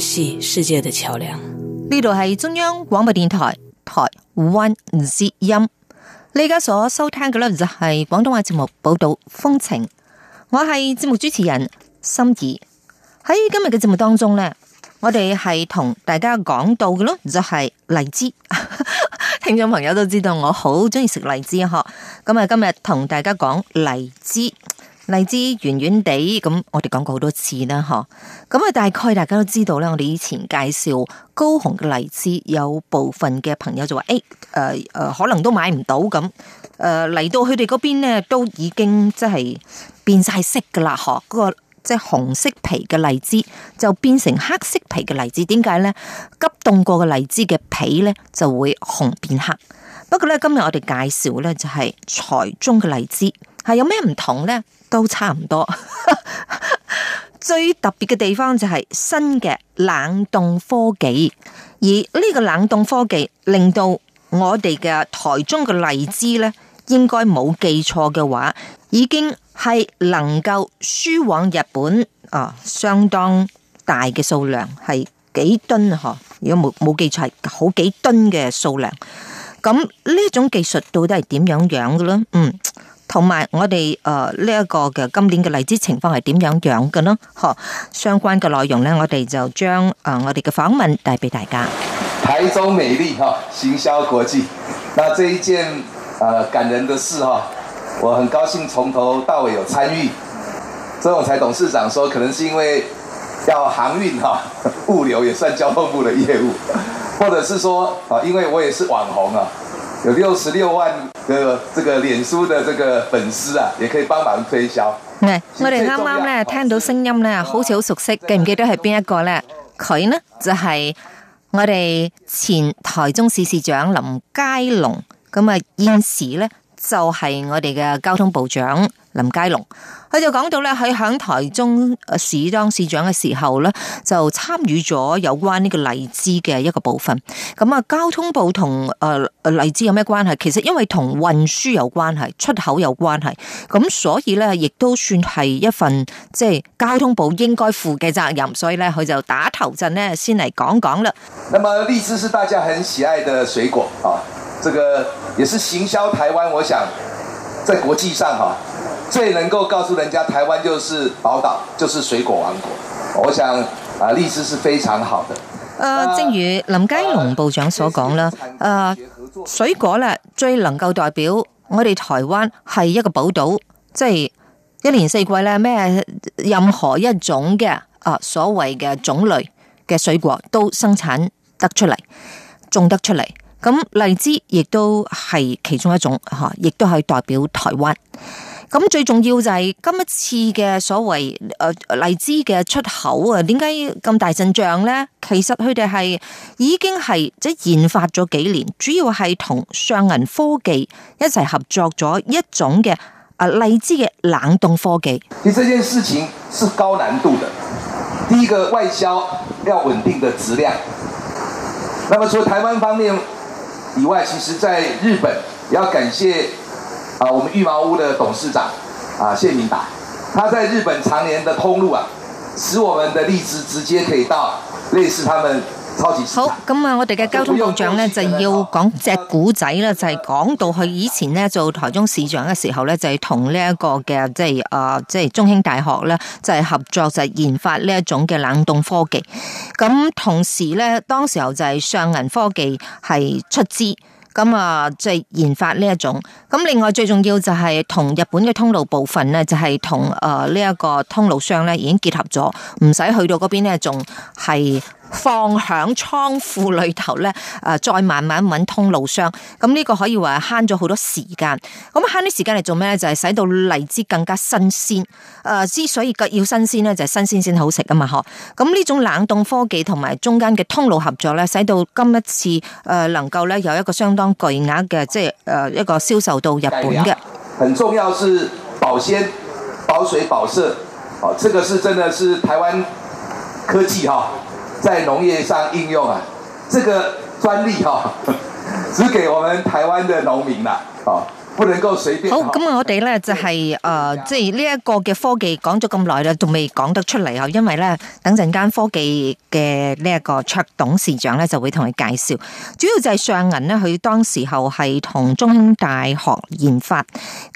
係世界的橋梁。呢度係中央廣播電台台灣之音。你而家所收聽嘅咧就係廣東話節目報導《報道風情》，我係節目主持人心儀。喺今日嘅節目當中呢，我哋係同大家講到嘅咧就係、是、荔枝。 聽眾朋友都知道我好中意食荔枝啊，嗬！咁啊，今日同大家講荔枝。荔枝圓圓地，咁我哋講過好多次啦，嗬。咁啊，大概大家都知道咧。我哋以前介紹高雄嘅荔枝，有部分嘅朋友就話：誒、欸，誒，誒，可能都買唔到咁。誒，嚟、呃、到佢哋嗰邊咧，都已經即係變晒色噶啦，嗬。嗰個即係紅色皮嘅荔枝，就變成黑色皮嘅荔枝。點解咧？急凍過嘅荔枝嘅皮咧，就會紅變黑。不過咧，今日我哋介紹咧就係台中嘅荔枝。係有咩唔同呢？都差唔多， 最特別嘅地方就係新嘅冷凍科技，而呢個冷凍科技令到我哋嘅台中嘅荔枝呢，應該冇記錯嘅話，已經係能夠輸往日本啊，相當大嘅數量係幾噸嗬。如果冇冇記錯，係好幾噸嘅數量。咁呢種技術到底係點樣樣嘅呢？嗯。同埋我哋誒呢一個嘅，今年嘅荔枝情況係點樣樣嘅呢？嗬，相關嘅內容呢，我哋就將誒我哋嘅訪問帶俾大家。台中美麗嗬，行銷國際。那這一件誒感人的事嗬，我很高興從頭到尾有參與。周永才董事長說，可能是因為要航運嗬，物流也算交通部嘅業務，或者是說啊，因為我也是網紅啊。有六十六萬個這個臉書的這個粉絲啊，也可以幫忙推銷。我哋啱啱聽到聲音咧好熟悉，記唔記得係邊一個呢？佢呢就係我哋前台中市市長林佳龍，咁啊現時咧就係我哋嘅交通部長。林佳龍，佢就講到咧，喺響台中誒市當市長嘅時候咧，就參與咗有關呢個荔枝嘅一個部分。咁啊，交通部同誒荔枝有咩關係？其實因為同運輸有關係，出口有關係，咁所以咧，亦都算係一份即係交通部應該負嘅責任。所以咧，佢就打頭陣咧，先嚟講講啦。那麼荔枝是大家很喜愛的水果啊，這個也是行銷台灣，我想。在國際上哈，最能夠告訴人家台灣就是寶島，就是水果王國。我想啊，荔枝是非常好的。誒，正如林佳龍部長所講啦，誒、啊、水果咧最能夠代表我哋台灣係一個寶島，即、就、係、是、一年四季咧咩任何一種嘅啊所謂嘅種類嘅水果都生產得出嚟，種得出嚟。咁荔枝亦都係其中一種吓，亦都係代表台灣。咁最重要就係今一次嘅所謂誒荔枝嘅出口啊，點解咁大陣仗咧？其實佢哋係已經係即研發咗幾年，主要係同上銀科技一齊合作咗一種嘅誒荔枝嘅冷凍科技。你這件事情是高難度的，第一個外銷要穩定的質量。那麼說台灣方面。以外，其實，在日本也要感謝啊，我們裕毛屋的董事長啊，謝明達，他在日本常年的通路啊，使我們的荔枝直接可以到類似他們。好，咁啊，我哋嘅交通部長咧就要講隻古仔啦，就係講到佢以前咧做台中市長嘅時候咧，就係同呢一個嘅即係誒即係中興大學咧就係合作就研發呢一種嘅冷凍科技。咁同時咧，當時候就係上銀科技係出資，咁啊即係研發呢一種。咁另外最重要就係同日本嘅通路部分咧，就係同誒呢一個通路商咧已經結合咗，唔使去到嗰邊咧仲係。放喺倉庫裏頭咧，誒，再慢慢穩通路商，咁呢個可以話慳咗好多時間。咁慳啲時間嚟做咩咧？就係、是、使到荔枝更加新鮮。誒，之所以要新鮮咧，就係新鮮先好食啊嘛！嗬，咁呢種冷凍科技同埋中間嘅通路合作咧，使到今一次誒，能夠咧有一個相當巨額嘅，即係誒一個銷售到日本嘅。很重要是保鮮、保水、保色，哦，這個是真的是台灣科技、哦，哈。在農業上應用啊，這個專利哈、哦，只給我們台灣的農民了、啊，哦好，咁我哋咧就係、是、誒，即係呢一個嘅科技講咗咁耐啦，仲未講得出嚟啊！因為咧，等陣間科技嘅呢一個卓董事長咧就會同你介紹，主要就係上銀咧，佢當時候係同中興大學研發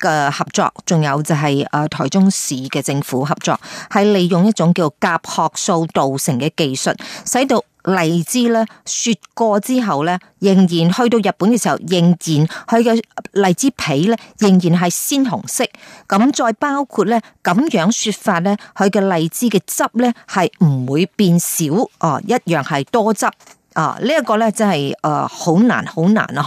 嘅合作，仲有就係誒台中市嘅政府合作，係利用一種叫甲殼素導成嘅技術，使到。荔枝咧雪過之後咧，仍然去到日本嘅時候，仍然佢嘅荔枝皮咧，仍然係鮮紅色。咁再包括咧，咁樣雪法咧，佢嘅荔枝嘅汁咧係唔會變少哦、啊，一樣係多汁啊！這個、呢一個咧真係誒，好、呃、難好難啊！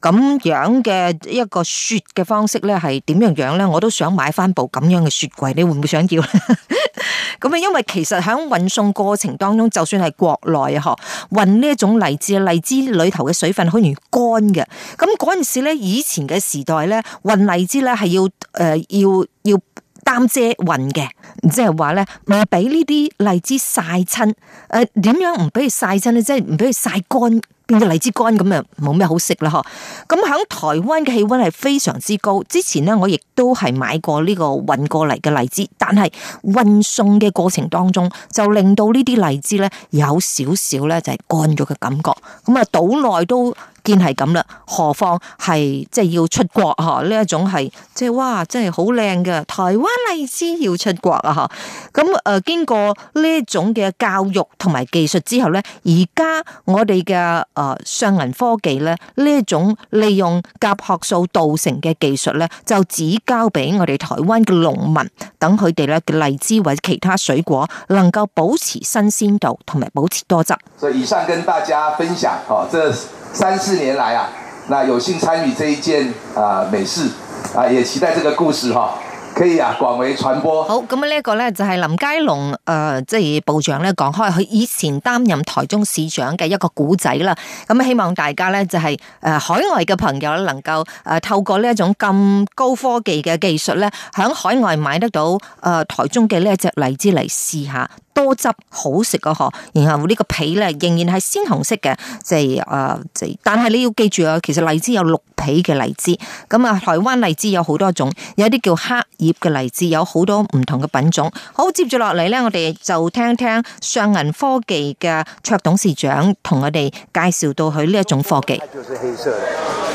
嗬，咁樣嘅一個雪嘅方式咧，係點樣樣咧？我都想買翻部咁樣嘅雪櫃，你會唔會想要咧？ 咁啊，因為其實喺運送過程當中，就算係國內嗬運呢一種荔枝，荔枝裏頭嘅水分好容易乾嘅。咁嗰陣時咧，以前嘅時代咧，運荔枝咧係要誒、呃、要要擔遮運嘅，即係話咧咪俾呢啲荔枝曬親，誒、呃、點樣唔俾佢曬親咧？即係唔俾佢曬乾。變咗荔枝乾咁，啊，冇咩好食啦呵！咁喺台灣嘅氣溫係非常之高，之前咧我亦都係買過呢個運過嚟嘅荔枝，但係運送嘅過程當中就令到呢啲荔枝咧有少少咧就係乾咗嘅感覺，咁啊島內都。見係咁啦，何況係即係要出國吓呢一種係即係哇，真係好靚嘅台灣荔枝要出國啊！咁誒、呃，經過呢一種嘅教育同埋技術之後咧，而家我哋嘅誒上銀科技咧呢這一種利用甲殼素導成嘅技術咧，就只交俾我哋台灣嘅農民等佢哋咧嘅荔枝或者其他水果能夠保持新鮮度同埋保持多汁。所以以上跟大家分享，哦，這。三四年來啊，那有幸參與這一件啊美事，啊也期待這個故事哈、啊，可以啊廣為傳播。好，咁呢一個咧就係林佳龍誒即係部長咧講開，佢以前擔任台中市長嘅一個古仔啦。咁希望大家咧就係誒海外嘅朋友咧能夠誒透過呢一種咁高科技嘅技術咧，喺海外買得到誒台中嘅呢一隻荔枝嚟試下。多汁好食嘅嗬，然後呢個皮呢仍然係鮮紅色嘅，即係但係你要記住啊，其實荔枝有綠皮嘅荔枝，咁啊，台灣荔枝有好多種，有啲叫黑葉嘅荔枝，有好多唔同嘅品種。好，接住落嚟呢，我哋就聽聽上銀科技嘅卓董事長同我哋介紹到佢呢一種科技。就是黑色嘅，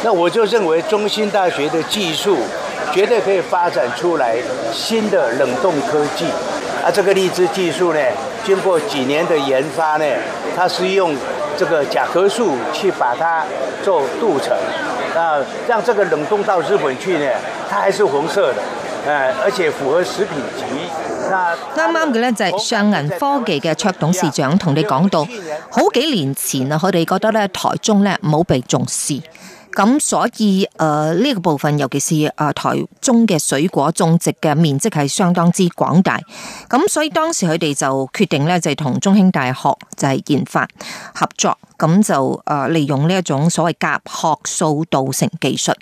那我就認為中興大學嘅技術絕對可以發展出來新的冷凍科技。這個荔枝技術呢，經過幾年的研發呢，它是用這個甲殼素去把它做鍍層，啊，讓這個冷凍到日本去呢，它還是紅色的，誒、啊，而且符合食品級。那啱啱嘅呢就係上銀科技嘅卓董事長同你講到，好幾年前啊，佢哋覺得咧台中咧冇被重視。咁所以，誒、呃、呢、這個部分，尤其是誒台中嘅水果種植嘅面積係相當之廣大。咁所以當時佢哋就決定咧，就係、是、同中興大學就係研發合作。咁就誒、呃、利用呢一種所謂甲殼素造成技術，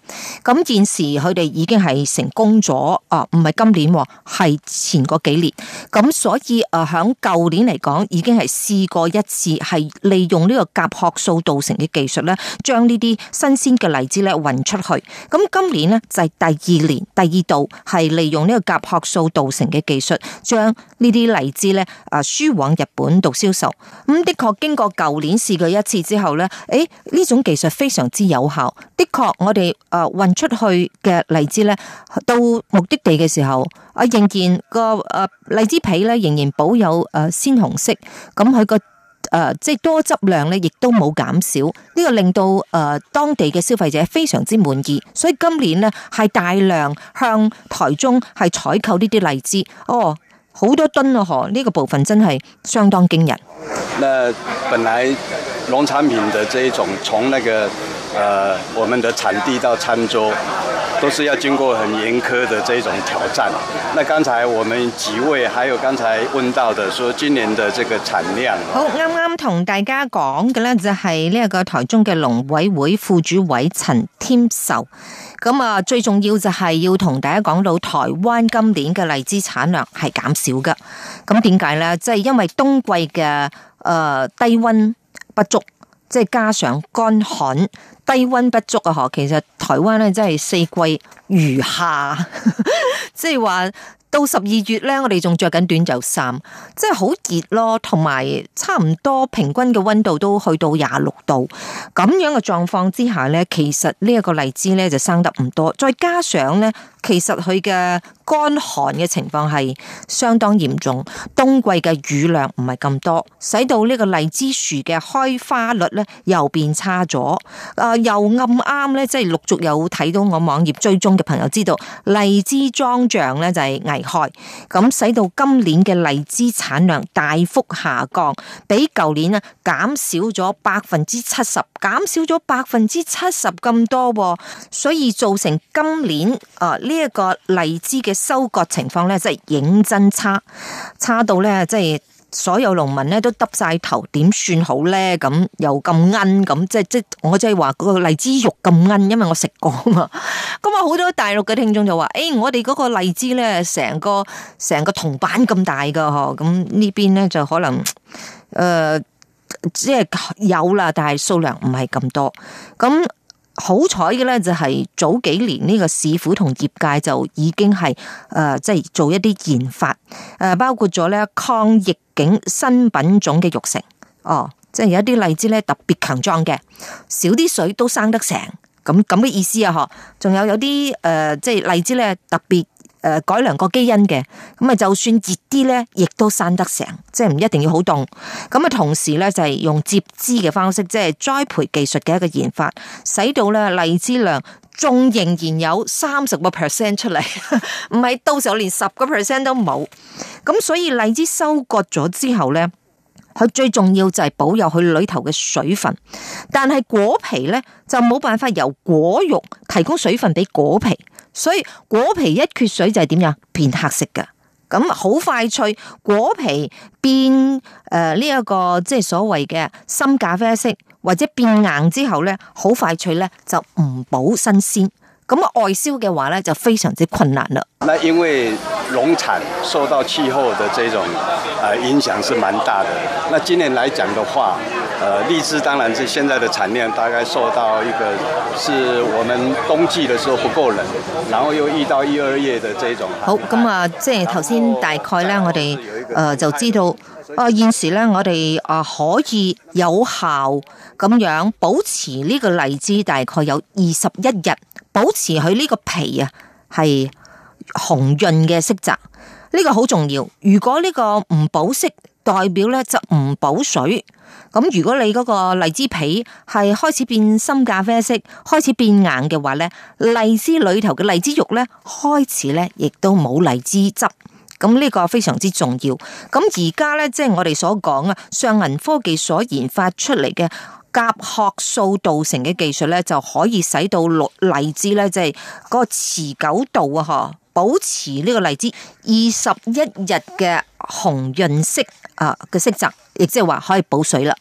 咁現時佢哋已經係成功咗。啊，唔係今年、啊，係前嗰幾年。咁所以誒響舊年嚟講已經係試過一次，係利用這個甲呢個甲殼素造成嘅技術咧，將呢啲新鮮。荔枝咧運出去，咁今年呢就係第二年第二度係利用呢個甲殼素造成嘅技術，將呢啲荔枝咧啊輸往日本度銷售。咁、嗯、的確經過舊年試過一次之後咧，誒、哎、呢種技術非常之有效。的確我哋誒運出去嘅荔枝咧，到目的地嘅時候，啊仍然個誒荔枝皮咧仍然保有誒鮮紅色，咁佢個。呃、即多汁量咧，亦都冇減少，呢、這個令到誒、呃、當地嘅消費者非常之滿意。所以今年呢係大量向台中係採購呢啲荔枝，哦，好多噸啊！嗬，呢個部分真係相當驚人。本來農產品的這一種，從那個、呃、我們的產地到餐桌。都是要經過很嚴苛的這種挑戰。那剛才我們幾位，還有剛才問到的，說今年的這個產量。好，啱啱同大家講嘅呢，就係呢個台中嘅農委會副主委陳添壽。咁啊，最重要就係要同大家講到台灣今年嘅荔枝產量係減少噶。咁點解咧？即係因為冬季嘅誒低溫不足，即係加上乾旱。低溫不足啊！嗬，其實台灣咧真係四季如夏，即係話到十二月咧，我哋仲着緊短袖衫，即係好熱咯。同埋差唔多平均嘅溫度都去到廿六度，咁樣嘅狀況之下咧，其實呢一個荔枝咧就生得唔多。再加上咧，其實佢嘅乾旱嘅情況係相當嚴重，冬季嘅雨量唔係咁多，使到呢個荔枝樹嘅開花率咧又變差咗啊！又暗啱咧，即係陸續有睇到我網頁追蹤嘅朋友知道，荔枝莊象咧就係危害，咁使到今年嘅荔枝產量大幅下降，比舊年啊減少咗百分之七十，減少咗百分之七十咁多，所以造成今年啊呢一個荔枝嘅收割情況咧，真係認真差，差到咧即係。所有農民咧都耷晒頭，點算好咧？咁又咁奀，咁，即係即我即係話嗰個荔枝肉咁奀，因為我食過啊嘛。咁啊，好多大陸嘅聽眾就話，誒、哎，我哋嗰個荔枝咧，成個成個銅板咁大噶，嗬。咁呢邊咧就可能，誒、呃，即係有啦，但係數量唔係咁多。咁好彩嘅咧，就係早幾年呢、這個市府同業界就已經係誒、呃，即係做一啲研發，誒，包括咗咧抗疫。景新品種嘅育成，哦，即係有一啲荔枝咧特別強壯嘅，少啲水都生得成，咁咁嘅意思啊！嗬，仲有有啲誒，即係荔枝咧特別誒改良過基因嘅，咁啊就算熱啲咧，亦都生得成，即係唔一定要好凍。咁啊，同時咧就係用接枝嘅方式，即係栽培技術嘅一個研發，使到咧荔枝量，仲仍然有三十個 percent 出嚟，唔係到時候連十個 percent 都冇。咁所以荔枝收割咗之後咧，佢最重要就係保有佢裏頭嘅水分，但係果皮咧就冇辦法由果肉提供水分俾果皮，所以果皮一缺水就係點樣變黑色㗎，咁好快脆，果皮變誒呢一個即係所謂嘅深咖啡色。或者變硬之後咧，好快脆咧就唔保新鮮，咁啊外銷嘅話咧就非常之困難啦。那因為農產受到氣候嘅這種啊影響是蠻大嘅。那今年來講嘅話，呃荔枝，當然是現在的產量大概受到一個，是我們冬季的時候不夠冷，然後又遇到一二月的這種。好咁啊，即係頭先大概咧，我哋呃就知道。啊！現時咧，我哋啊可以有效咁樣保持呢個荔枝大概有二十一日，保持佢呢個皮啊係紅潤嘅色澤。呢個好重要。如果呢個唔保色，代表咧就唔保水。咁如果你嗰個荔枝皮係開始變深咖啡色，開始變硬嘅話咧，荔枝裏頭嘅荔枝肉咧開始咧亦都冇荔枝汁。咁呢個非常之重要。咁而家咧，即係我哋所講啊，上銀科技所研發出嚟嘅甲殼素導成嘅技術咧，就可以使到荔枝咧，即係個持久度啊，嗬，保持呢個荔枝二十一日嘅紅潤色啊嘅色澤，亦即係話可以補水啦。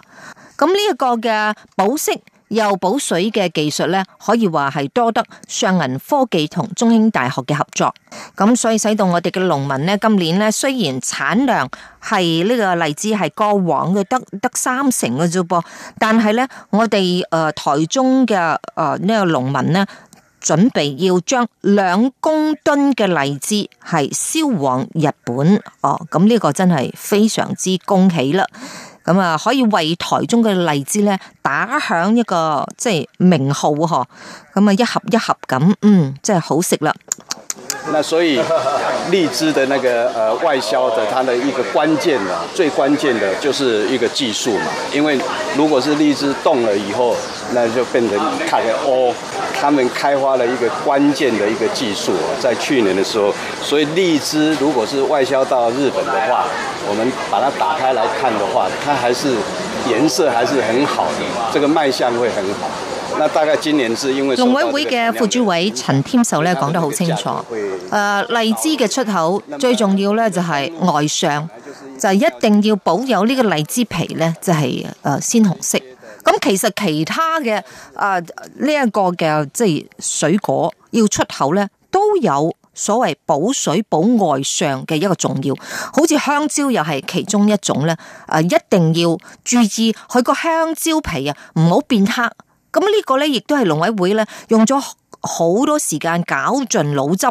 咁呢一個嘅保色。又補水嘅技術咧，可以話係多得上銀科技同中興大學嘅合作，咁所以使到我哋嘅農民咧，今年咧雖然產量係呢、這個荔枝係過往嘅得得三成嘅啫噃，但係咧我哋誒、呃、台中嘅誒、呃這個、呢個農民咧，準備要將兩公噸嘅荔枝係銷往日本哦，咁呢個真係非常之恭喜啦！咁啊，可以為台中嘅荔枝咧打響一個即係名號呵，咁啊一盒一盒咁，嗯，真係好食啦。那所以荔枝嘅那個誒外銷的，它的一個關鍵啊，最關鍵嘅，就是一個技術嘛，因為如果是荔枝凍了以後。那就變成睇下哦，o, 他們開發了一個關鍵的一個技術啊，在去年的時候，所以荔枝如果是外銷到日本的話，我們把它打開來看的話，它還是顏色還是很好的，這個賣相會很好。那大概今年是因為，農委會嘅副主委陳添壽呢講得好清楚，呃荔枝嘅出口最重要呢，就是外相就一定要保有呢個荔枝皮呢，就係呃鮮紅色。咁其實其他嘅啊呢一個嘅即係水果要出口咧，都有所謂保水保外上嘅一個重要，好似香蕉又係其中一種咧。啊，一定要注意佢個香蕉皮啊，唔好變黑。咁呢個咧，亦都係農委會咧用咗。好多時間絞盡腦汁，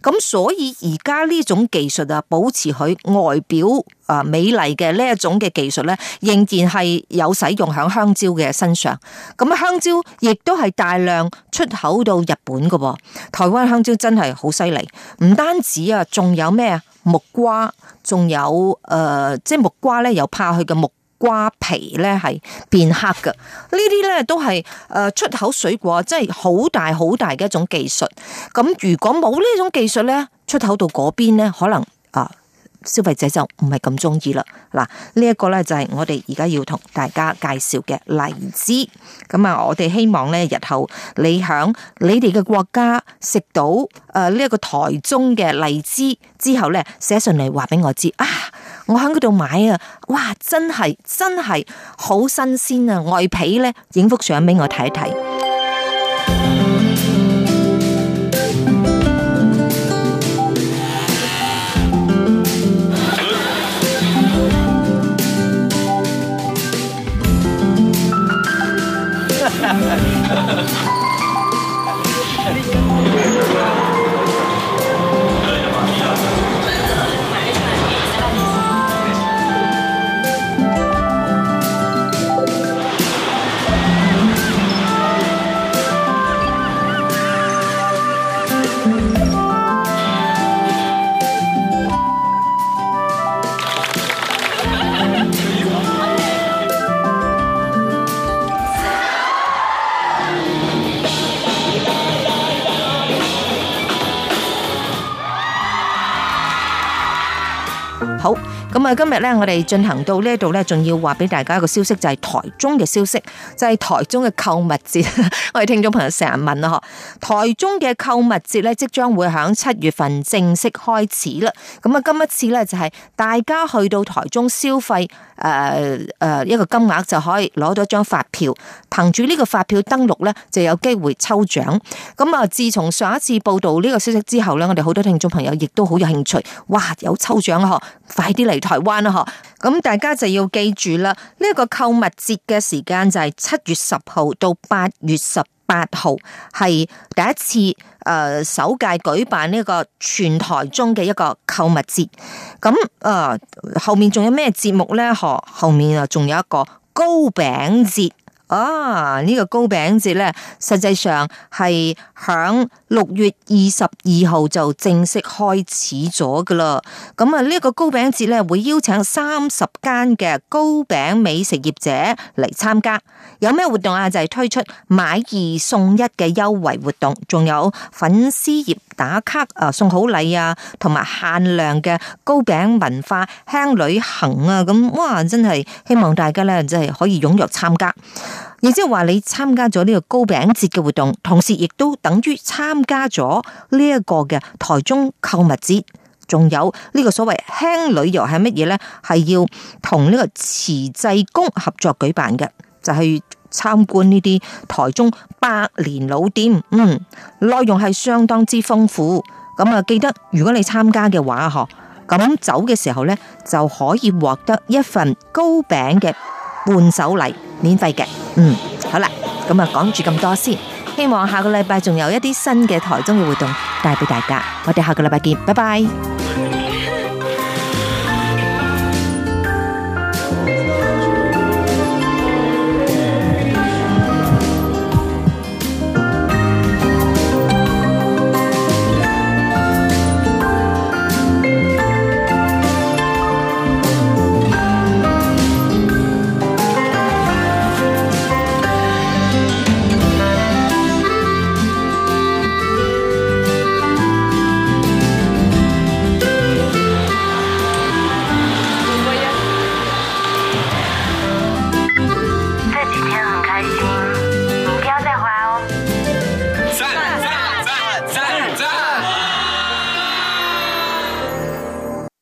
咁所以而家呢種技術啊，保持佢外表啊美麗嘅呢一種嘅技術咧，仍然係有使用響香蕉嘅身上。咁香蕉亦都係大量出口到日本噶，啊。台灣香蕉真係好犀利，唔單止啊，仲有咩啊木瓜，仲有誒、呃，即係木瓜咧，又怕佢嘅木。瓜皮咧係變黑嘅，呢啲咧都係誒出口水果，即係好大好大嘅一種技術。咁如果冇呢種技術咧，出口到嗰邊咧，可能啊消費者就唔係咁中意啦。嗱，呢一個咧就係我哋而家要同大家介紹嘅荔枝。咁啊，我哋希望咧日後你響你哋嘅國家食到誒呢一個台中嘅荔枝之後咧，寫信嚟話俾我知啊。我喺嗰度買啊，哇！真係真係好新鮮啊，外皮咧，影幅相俾我睇一睇。咁啊，今日咧，我哋進行到呢一度咧，仲要話俾大家一個消息，就係、是、台中嘅消息，就係、是、台中嘅購物節。 我哋聽眾朋友成日問啊，嗬，台中嘅購物節咧，即將會喺七月份正式開始啦。咁啊，今一次咧，就係大家去到台中消費，誒、呃、誒、呃，一個金額就可以攞到一張發票，憑住呢個發票登錄咧，就有機會抽獎。咁啊，自從上一次報道呢個消息之後咧，我哋好多聽眾朋友亦都好有興趣，哇，有抽獎嗬，快啲嚟！台灣咯嗬，咁大家就要記住啦。呢、這個購物節嘅時間就係七月十號到八月十八號，係第一次誒、呃、首屆舉辦呢個全台中嘅一個購物節。咁誒、呃、後面仲有咩節目呢？嗬，後面啊仲有一個糕餅節。啊！這個、糕呢個糕餅節咧，實際上係響六月二十二號就正式開始咗噶啦咁啊，呢個糕餅節咧會邀請三十間嘅糕餅美食業者嚟參加。有咩活動啊？就係、是、推出買二送一嘅優惠活動，仲有粉絲業打卡啊，送好禮啊，同埋限量嘅糕餅文化輕旅行啊，咁哇真係希望大家咧，真係可以踊躍參加。亦即係話你參加咗呢個糕餅節嘅活動，同時亦都等於參加咗呢一個嘅台中購物節，仲有呢個所謂輕旅遊係乜嘢咧？係要同呢個慈濟宮合作舉辦嘅，就係、是參觀呢啲台中百年老店，嗯，內容係相當之豐富。咁啊，記得如果你參加嘅話，嗬，咁走嘅時候呢，就可以獲得一份糕餅嘅伴手禮，免費嘅。嗯，好啦，咁啊，講住咁多先，希望下個禮拜仲有一啲新嘅台中嘅活動帶俾大家。我哋下個禮拜見，拜拜。